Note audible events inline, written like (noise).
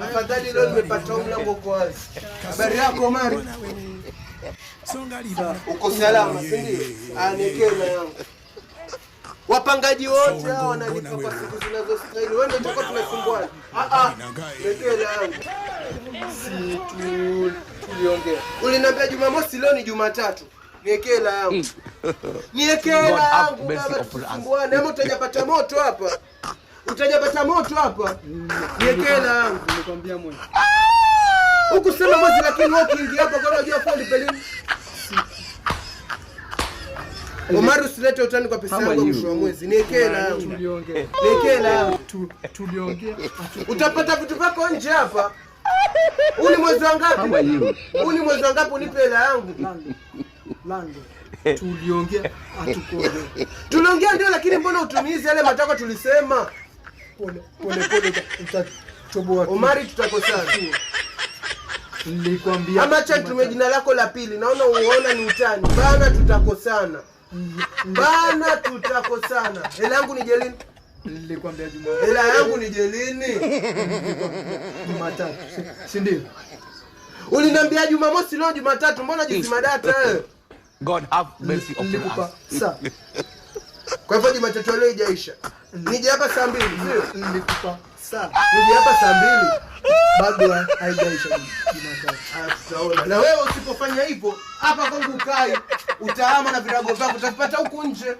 Afadhali leo nimepata mlango uko wazi. Habari yako Mari? Uko salama, si ndio? Ah, yangu. Wapangaji wote hao wanalipa kwa siku zinazostahili. Wewe ndio utakuwa tunasumbwana. Ah ah. Anekee yangu. Si tu tuliongea. Uliniambia Jumamosi, leo ni Jumatatu. Niekela yangu. Mm. Niekela yangu. Bwana, hebu utajapata moto hapa utajapata moto hapa yekela nikwambia mwe ah! huku sema mwezi lakini walking hapa kwa unajua fundi pelini Omar usilete utani kwa pesa yangu mwisho wa mwezi. Niekela. Niekela. Tuliongea. Utapata vitu vyako nje hapa. Huu ni mwezi wangapi? Huu ni mwezi wangapi unipe hela yangu? Lango. (laughs) Tuliongea hatukuongea. Tuliongea ndio lakini mbona utumizi yale matako tulisema? pole pole, jina lako la pili naona uona ni utani bana, tutakosana bana, tutakosana. Hela yangu ni jelini, nilikwambia Juma. Hela yangu ni jelini, Jumatatu, si ndio? Uliniambia Jumamosi, leo Jumatatu, mbona juzi madata eh? God have mercy upon us. Kwa hivyo Jumatatu leo ijaisha. Nije hapa saa mbili sio? Nilikupa saa. Nije hapa saa mbili bado haijaisha. Na wewe usipofanya hivyo hapa kwangu kai utaama na virago vyako utavipata huku nje.